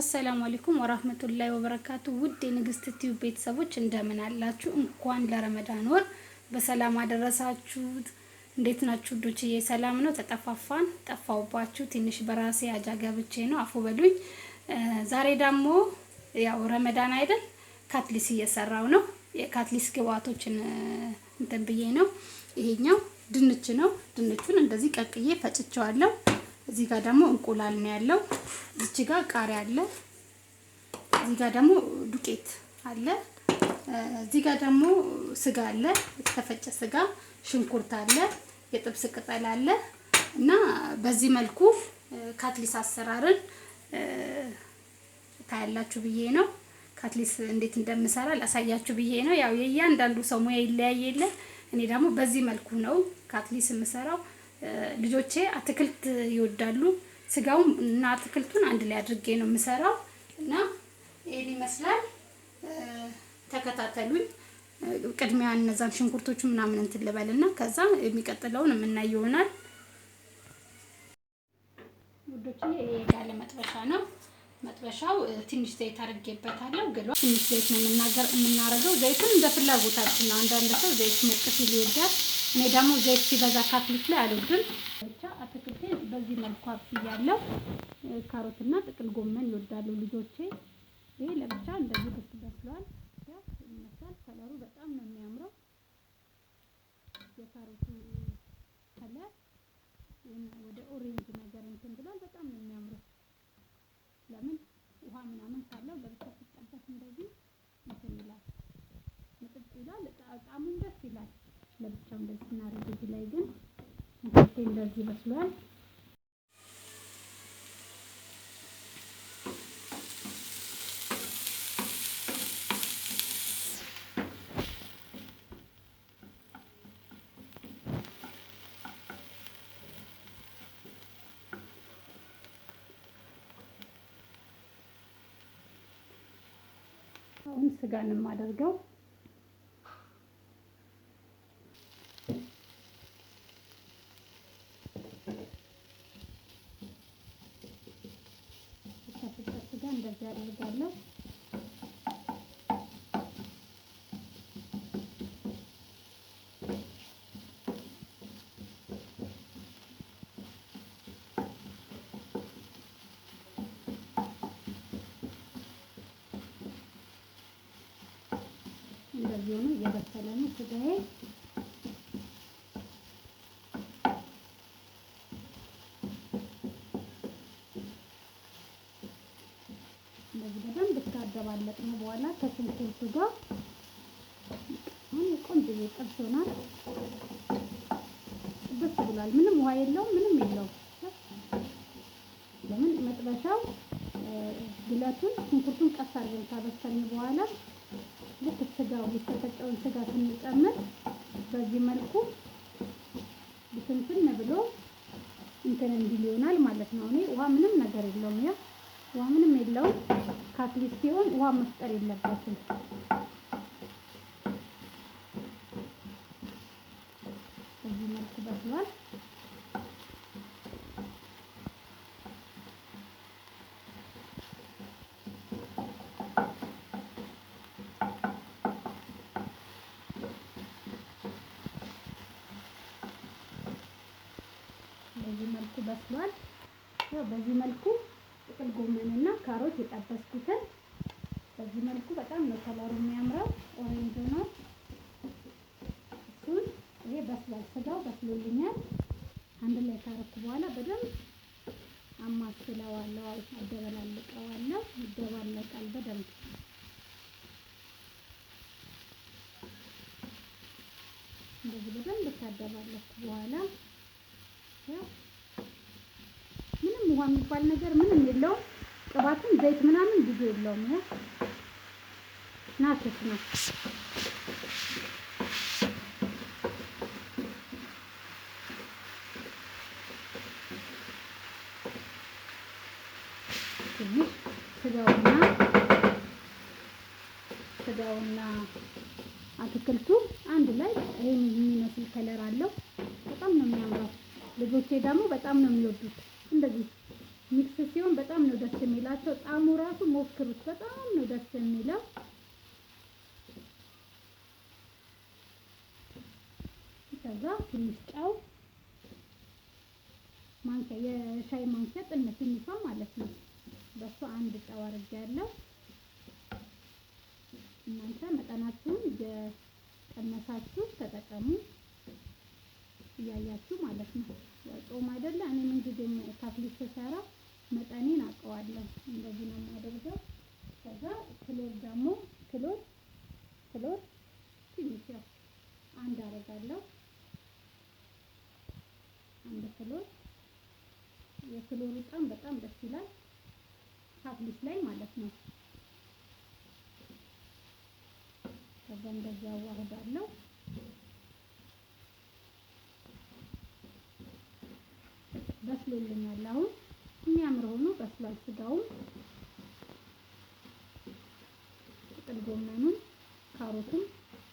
አሰላሙ አለይኩም ወራህመቱላሂ ወበረካቱ። ውድ የንግስት ቲዩ ቤተሰቦች እንደምን አላችሁ? እንኳን ለረመዳን ወር በሰላም አደረሳችሁ እንዴት ናችሁ ውዶችዬ ሰላም ነው? ተጠፋፋን፣ ጠፋውባችሁ። ትንሽ በራሴ አጃገብቼ ነው፣ አፉ በሉኝ። ዛሬ ደግሞ ያው ረመዳን አይደል ካትሊስ እየሰራው ነው። የካትሊስ ግብአቶችን እንትን ብዬ ነው። ይሄኛው ድንች ነው። ድንቹን እንደዚህ ቀቅዬ ፈጭቸዋለሁ። እዚህ ጋር ደግሞ እንቁላል ነው ያለው። እዚች ጋር ቃሪያ አለ። እዚህ ጋር ደግሞ ዱቄት አለ። እዚህ ጋር ደግሞ ስጋ አለ፣ የተፈጨ ስጋ፣ ሽንኩርት አለ፣ የጥብስ ቅጠል አለ እና በዚህ መልኩ ካትሊስ አሰራርን ታያላችሁ ብዬ ነው። ካትሊስ እንዴት እንደምሰራ ላሳያችሁ ብዬ ነው። ያው የእያንዳንዱ ሰው ሙያ ይለያየለ። እኔ ደግሞ በዚህ መልኩ ነው ካትሊስ የምሰራው። ልጆቼ አትክልት ይወዳሉ። ስጋውን እና አትክልቱን አንድ ላይ አድርጌ ነው የምሰራው እና ይሄን ይመስላል። ተከታተሉኝ። ቅድሚያ እነዛን ሽንኩርቶቹ ምናምን እንትን ልበል እና ከዛ የሚቀጥለውን የምናይ ይሆናል። ውዶች ጋለ መጥበሻ ነው። መጥበሻው ትንሽ ዘይት አድርጌበታለሁ። ግሏ ትንሽ ዘይት ነው የምናገር የምናረገው። ዘይትም እንደ ፍላጎታችን ነው። አንዳንድ ሰው ዘይት ሞቅ ይወዳል። እኔ ደግሞ ዘይት ሲበዛ ካትክልት ላይ አልወድም። ብቻ አትክልቴ በዚህ መልኩ አብስያለሁ። ካሮትና ጥቅል ጎመን ይወዳሉ ልጆቼ። ይህ ለብቻ እንደዚህ ደስ በስሏል ይመስላል። ከለሩ በጣም ነው የሚያምረው የካሮቱ ከለር ወደ ኦሬንጅ ነገር እንትን ብሏል። በጣም ነው የሚያምረው። ለምን ውሃ ምናምን ካለው ለብቻ ሲጠበስ እንደዚህ እንትን ይላል፣ ምጥጥ ይላል፣ ጣዕሙም ደስ ይላል። ለብቻው እንደዚህ እናደርግ። እዚህ ላይ ግን እንዴ እንደዚህ ይመስሏል። አሁን ስጋን የማደርገው अंदर से ऐड कर लो ये बच्चा लेना चुका है ካገባለጥነው በኋላ ከሽንኩርቱ ጋር ቆንጆ ጥብስ ይሆናል። ደስ ብሏል። ምንም ውሃ የለውም፣ ምንም የለውም። ለምን መጥበሻው ግለቱን ሽንኩርቱን ቀስ አድርገን ካበሰልን በኋላ ልክ ስጋው የተፈጨውን ስጋ ስንጨምር በዚህ መልኩ ብትንትን ብሎ እንትን እንዲል ይሆናል ማለት ነው። እኔ ውሃ ምንም ነገር የለውም፣ ያ ውሃ ምንም የለውም። ካትሊት ሲሆን ውሃ መፍጠር የለበትም። በዚህ መልኩ በስሏል። በዚህ መልኩ በስሏል። በዚህ መልኩ ጥቅል ጎመን እና ካሮት የጠበስኩትን በዚህ መልኩ በጣም ነው ከለሩ የሚያምረው። ኦሬንጅ ነው እሱን ይሄ በስሏል፣ ስጋው በስሎልኛል። አንድ ላይ ካረኩ በኋላ በደንብ አማስለዋለሁ፣ አደበላልቀዋለሁ። ይደባለቃል በደንብ እንደዚህ በደንብ ካደባለኩ በኋላ ያው ውሃ የሚባል ነገር ምንም የለውም። ቅባትም ዘይት ምናምን ብዙ የለውም። ያ ናክስ ነው። ትንሽ ስጋውና ስጋውና አትክልቱ አንድ ላይ ይሄን የሚመስል ከለር አለው። በጣም ነው የሚያምረው። ልጆቼ ደግሞ በጣም ነው የሚወዱት። እንደዚህ ሚክስ ሲሆን በጣም ነው ደስ የሚላቸው። ጣሙ ራሱ ሞክሩት፣ በጣም ነው ደስ የሚለው። ከዛ ትንሽ ጨው ማንኪያ፣ የሻይ ማንኪያ ጥነት ትንሿ ማለት ነው። በሱ አንድ ጨው አድርጌያለሁ። እናንተ መጠናችሁን የቀነሳችሁ ተጠቀሙ። እያያችሁ ማለት ነው። ጾም አይደለ? እኔም እንግዲህ ታክሊት ስሰራ መጠኔን አውቀዋለሁ። እንደዚህ ነው የማደርገው። ከዛ ክሎር ደግሞ ክሎር ክሎር ትንሽ ያው አንድ አደርጋለሁ። አንድ ክሎር የክሎሩ ጣም በጣም ደስ ይላል ታክሊት ላይ ማለት ነው። ከዛ እንደዚህ አዋህዳለሁ። ብሎልኛል። አሁን የሚያምር ሆኖ በስሏል። ስጋውም ጥቅል ካሮቱም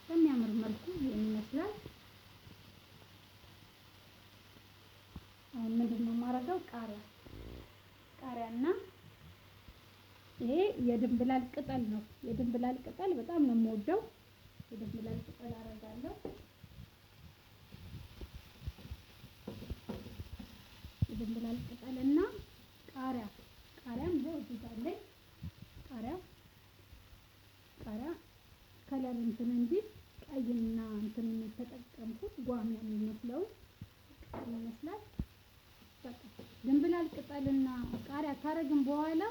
በሚያምር መልኩ ይሄን ይመስላል። አሁን የማደርገው? ቃሪያ ቃሪያና ይሄ የድንብላል ቅጠል ነው። የድንብላል ቅጠል በጣም ነው የምወደው። የድንብላል ቅጠል አደርጋለሁ። ድንብላል ቅጠል እና ቃሪያ ቃሪያም ይኸው እዚህ ጋር አለኝ። ቃሪያ ቃሪያ ከለር እንትን እንጂ ቀይና እንትን የተጠቀምኩት ጓም የሚመስለው ይመስላል። ድንብላል ቅጠልና ቃሪያ ካረግን በኋላ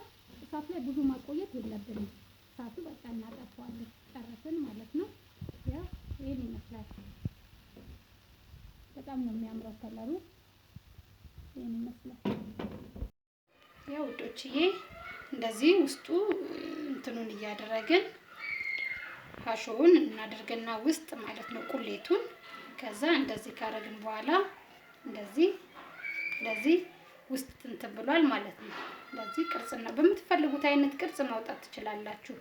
እሳት ላይ ብዙ ማቆየት የለብንም። እሳቱ በቃ እናጠፋዋለን፣ ጨረስን ማለት ነው። ያ ይህን ይመስላል። በጣም ነው የሚያምረው ከለሩ። ይሄን ይመስላል። ያው ውዶችዬ እንደዚህ ውስጡ እንትኑን እያደረግን ሀሾውን እናደርግና ውስጥ ማለት ነው ቁሌቱን። ከዛ እንደዚህ ካረግን በኋላ እንደዚህ እንደዚህ ውስጥ እንትን ብሏል ማለት ነው። እንደዚህ ቅርጽና በምትፈልጉት አይነት ቅርጽ ማውጣት ትችላላችሁ።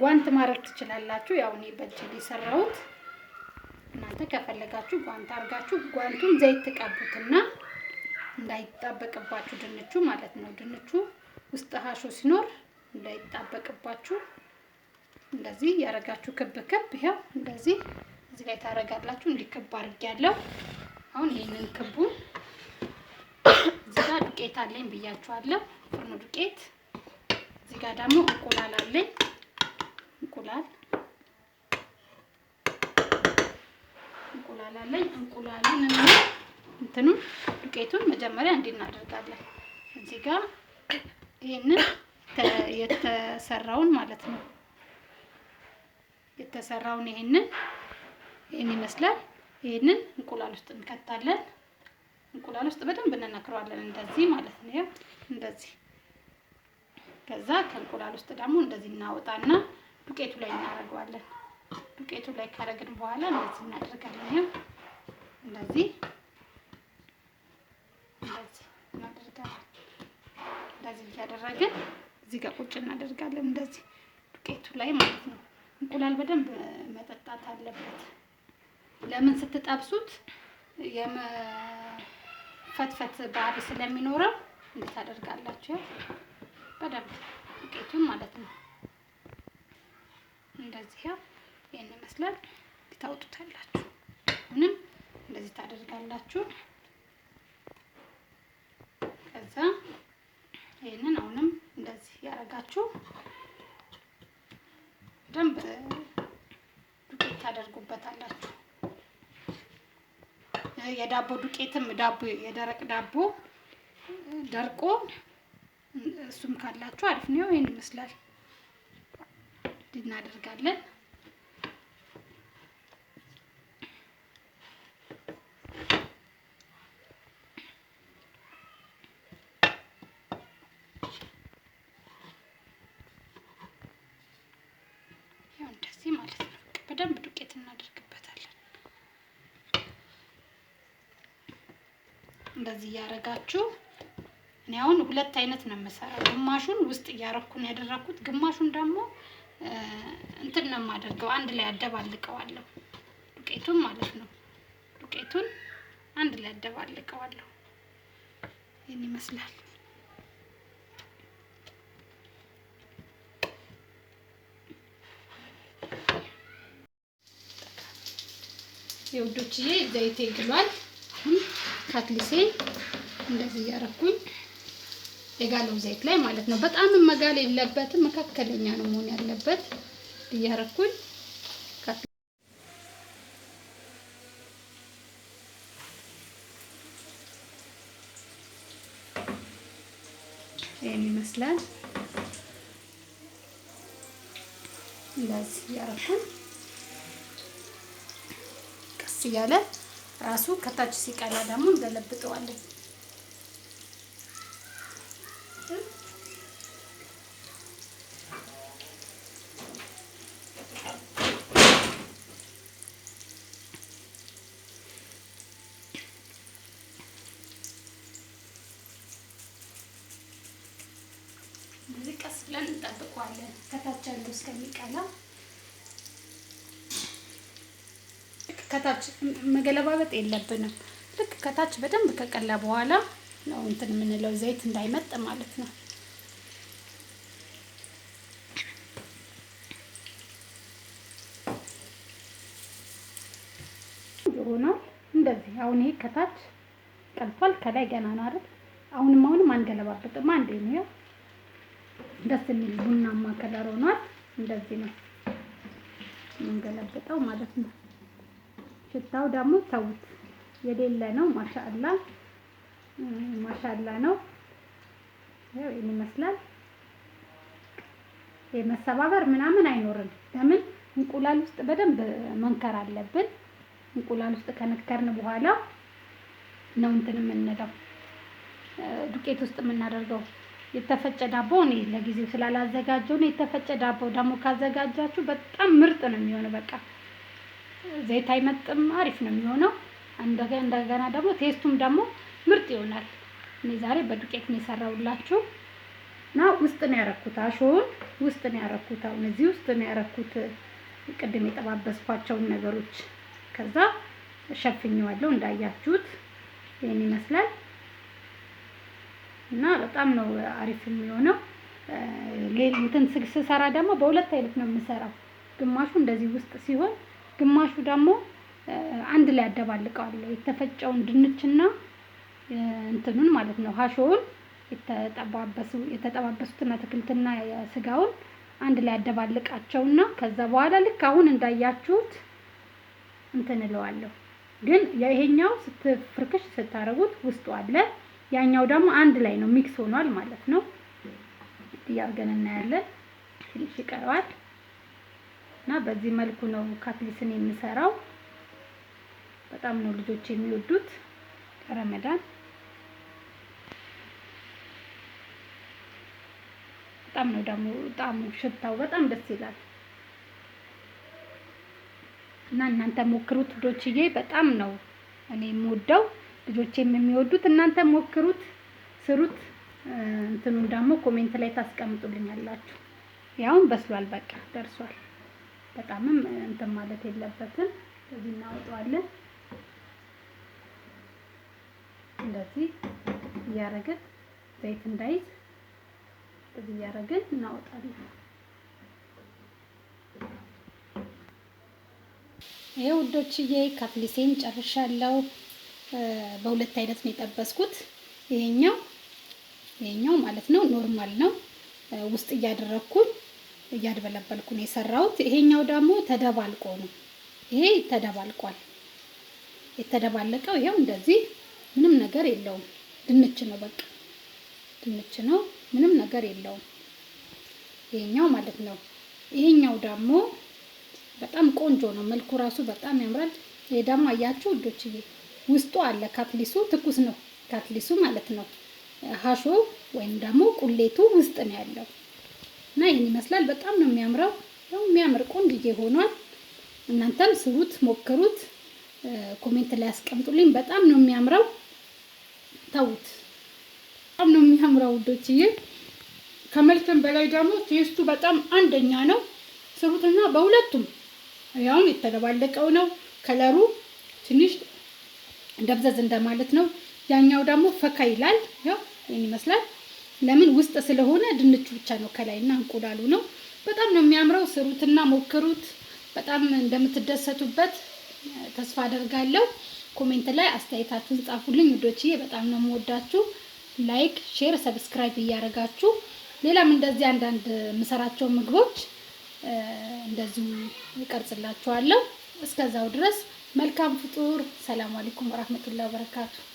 ጓንት ማድረግ ትችላላችሁ። ያው እኔ በእጅ የሰራሁት እናንተ ከፈለጋችሁ ጓንት አድርጋችሁ ጓንቱን ዘይት ትቀቡትና እንዳይጣበቅባችሁ ድንቹ ማለት ነው። ድንቹ ውስጥ ሀሾ ሲኖር እንዳይጣበቅባችሁ እንደዚህ ያረጋችሁ ክብ ክብ ይኸው እንደዚህ እዚህ ላይ ታረጋላችሁ። እንዲህ ክብ አድርጌያለሁ። አሁን ይህንን ክቡን እዚህ ጋር ዱቄት አለኝ ብያችኋለሁ፣ ፍርኑ ዱቄት። እዚህ ጋር ደግሞ እንቁላል አለኝ እንቁላል እንቁላል አለኝ እንቁላልን እንትኑን ዱቄቱን መጀመሪያ እንዲህ እናደርጋለን። እዚህ ጋር ይህንን የተሰራውን ማለት ነው የተሰራውን ይህንን ይህን ይመስላል። ይህንን እንቁላል ውስጥ እንከታለን። እንቁላል ውስጥ በደንብ እንነክረዋለን እንደዚህ ማለት ነው። ያው እንደዚህ ከዛ ከእንቁላል ውስጥ ደግሞ እንደዚህ እናወጣና ዱቄቱ ላይ እናደርገዋለን። ዱቄቱ ላይ ካረግን በኋላ እንደዚህ እናደርጋለን። ያው እንደዚህ እንደዚህ እያደረግን እዚህ ጋር ቁጭ እናደርጋለን። እንደዚህ ዱቄቱ ላይ ማለት ነው። እንቁላል በደንብ መጠጣት አለበት። ለምን ስትጠብሱት የመፈትፈት ባህሪ ስለሚኖረው እንድታደርጋላችሁ በደንብ ዱቄቱን ማለት ነው። እንደዚህ ያው ይህን ይመስላል። ታውጡታላችሁ። ምንም እንደዚህ ታደርጋላችሁ ከዛ ይህንን አሁንም እንደዚህ ያደረጋችሁ ደንብ ዱቄት ታደርጉበታላችሁ። የዳቦ ዱቄትም ዳቦ የደረቅ ዳቦ ደርቆ እሱም ካላችሁ አሪፍ ነው። ይህን ይመስላል እናደርጋለን። እንደዚህ እያደረጋችሁ እኔ አሁን ሁለት አይነት ነው የምሰራው። ግማሹን ውስጥ እያረኩ ነው ያደረኩት፣ ግማሹን ደግሞ እንትን ነው የማደርገው። አንድ ላይ አደባልቀዋለሁ፣ ዱቄቱን ማለት ነው። ዱቄቱን አንድ ላይ አደባልቀዋለሁ። ይህን ይመስላል። የውዶችዬ ዘይቴ ግሏል። ከትሊሴ እንደዚህ እያረኩኝ የጋለው ዘይት ላይ ማለት ነው። በጣም መጋል የለበትም መካከለኛ ነው መሆን ያለበት። እያረኩኝ ይህን ይመስላል። እንደዚህ እያረኩኝ ቀስ እያለ ራሱ ከታች ሲቀላ ደግሞ እንገለብጠዋለን። ቀስ ብለን እንጠብቀዋለን ከታች ያለው እስከሚቀላ ልክ ከታች መገለባበጥ የለብንም። ልክ ከታች በደንብ ከቀላ በኋላ ነው እንትን የምንለው ዘይት እንዳይመጥ ማለት ነው። ይሆናል እንደዚህ። አሁን ይሄ ከታች ቀልቷል፣ ከላይ ገና ነው አይደል? አሁንም አሁንም አንገለባበጥም። አንዴ ነው ደስ የሚል ቡናማ ከለር ሆኗል። እንደዚህ ነው የምንገለብጠው ማለት ነው። ሽታው ደግሞ ተውት የሌለ ነው። ማሻአላ ማሻአላ ነው። ያው ይመስላል የመሰባበር ምናምን አይኖርም። ለምን እንቁላል ውስጥ በደንብ መንከር አለብን። እንቁላል ውስጥ ከነከርን በኋላ ነው እንትን የምንለው ዱቄት ውስጥ የምናደርገው። የተፈጨ ዳቦ እኔ ለጊዜው ስላላዘጋጀው ነው። የተፈጨ ዳቦ ደግሞ ካዘጋጃችሁ በጣም ምርጥ ነው የሚሆነው በቃ ዘይት አይመጥም፣ አሪፍ ነው የሚሆነው። እንደገና ደግሞ ቴስቱም ደግሞ ምርጥ ይሆናል። እኔ ዛሬ በዱቄት ነው የሰራውላችሁ እና ውስጥ ነው ያረኩት፣ አሾውን ውስጥ ነው ያረኩት። አሁን እዚህ ውስጥ ነው ያረኩት ቅድም የጠባበስኳቸውን ነገሮች። ከዛ ሸፍኝዋለሁ። እንዳያችሁት ይህን ይመስላል እና በጣም ነው አሪፍ የሚሆነው። እንትን ስሰራ ደግሞ በሁለት አይነት ነው የምሰራው። ግማሹ እንደዚህ ውስጥ ሲሆን ግማሹ ደግሞ አንድ ላይ አደባልቀዋለሁ የተፈጨውን ድንችና እንትኑን ማለት ነው ሀሾውን የተጠባበሱ የተጠባበሱትን አትክልትና ስጋውን አንድ ላይ አደባልቃቸውና ከዛ በኋላ ልክ አሁን እንዳያችሁት እንትን እለዋለሁ። ግን ይሄኛው ስትፍርክሽ ስታረጉት ውስጡ አለ፣ ያኛው ደግሞ አንድ ላይ ነው ሚክስ ሆኗል ማለት ነው። እያርገን እናያለን። ትንሽ ይቀረዋል። እና በዚህ መልኩ ነው ካፕሊስን የምሰራው። በጣም ነው ልጆች የሚወዱት ረመዳን በጣም ነው ደግሞ ጣሙ ሽታው በጣም ደስ ይላል እና እናንተ ሞክሩት ልጆችዬ። በጣም ነው እኔ የምወደው ልጆቼም የሚወዱት እናንተ ሞክሩት፣ ስሩት። እንትኑን ደግሞ ኮሜንት ላይ ታስቀምጡልኛላችሁ። ያውም በስሏል፣ በቃ ደርሷል። በጣምም እንትን ማለት የለበትም። እዚህ እናወጣዋለን። እንደዚህ እያደረግን ዘይት እንዳይዝ እዚህ እያደረግን እናወጣለን። ይሄ ውዶችዬ ካትሊሴን ጨርሻለሁ። በሁለት አይነት ነው የጠበስኩት። ይሄኛው ይሄኛው ማለት ነው ኖርማል ነው ውስጥ እያደረግኩኝ እያድበለበልኩ ነው የሰራሁት። ይሄኛው ደግሞ ተደባልቆ ነው። ይሄ ተደባልቋል። የተደባለቀው ይኸው እንደዚህ ምንም ነገር የለውም። ድንች ነው በቃ ድንች ነው፣ ምንም ነገር የለውም። ይሄኛው ማለት ነው። ይሄኛው ደግሞ በጣም ቆንጆ ነው። መልኩ ራሱ በጣም ያምራል። ይሄ ደግሞ አያችሁ እዶችዬ ውስጡ አለ ካትሊሱ፣ ትኩስ ነው ካትሊሱ ማለት ነው። ሀሾ ወይም ደግሞ ቁሌቱ ውስጥ ነው ያለው። እና ይህን ይመስላል። በጣም ነው የሚያምረው። ያው የሚያምር ቆንጆዬ ሆኗል። እናንተም ስሩት፣ ሞክሩት፣ ኮሜንት ላይ ያስቀምጡልኝ። በጣም ነው የሚያምረው። ተውት፣ በጣም ነው የሚያምረው ያው የሚያምር ቆንጅዬ ሆኗል እናንተም ስሩት ሞክሩት ኮሜንት ላይ አስቀምጡልኝ በጣም ነው የሚያምረው ተውት በጣም ነው የሚያምረው ውዶችዬ ከመልክም በላይ ደግሞ ቴስቱ በጣም አንደኛ ነው። ስሩትና በሁለቱም ያውም የተደባለቀው ነው። ከለሩ ትንሽ ደብዘዝ እንደማለት ነው። ያኛው ደግሞ ፈካ ይላል። ያው ይህን ይመስላል። ለምን ውስጥ ስለሆነ ድንቹ ብቻ ነው ከላይና እንቁላሉ ነው። በጣም ነው የሚያምረው። ስሩትና ሞክሩት። በጣም እንደምትደሰቱበት ተስፋ አደርጋለሁ። ኮሜንት ላይ አስተያየታችሁን ጻፉልኝ ውዶችዬ። በጣም ነው የምወዳችሁ። ላይክ፣ ሼር፣ ሰብስክራይብ እያደረጋችሁ ሌላም እንደዚህ አንዳንድ የምሰራቸው ምግቦች እንደዚሁ ይቀርጽላችኋለሁ። እስከዛው ድረስ መልካም ፍጡር። ሰላም አለይኩም ወራህመቱላሂ ወበረካቱ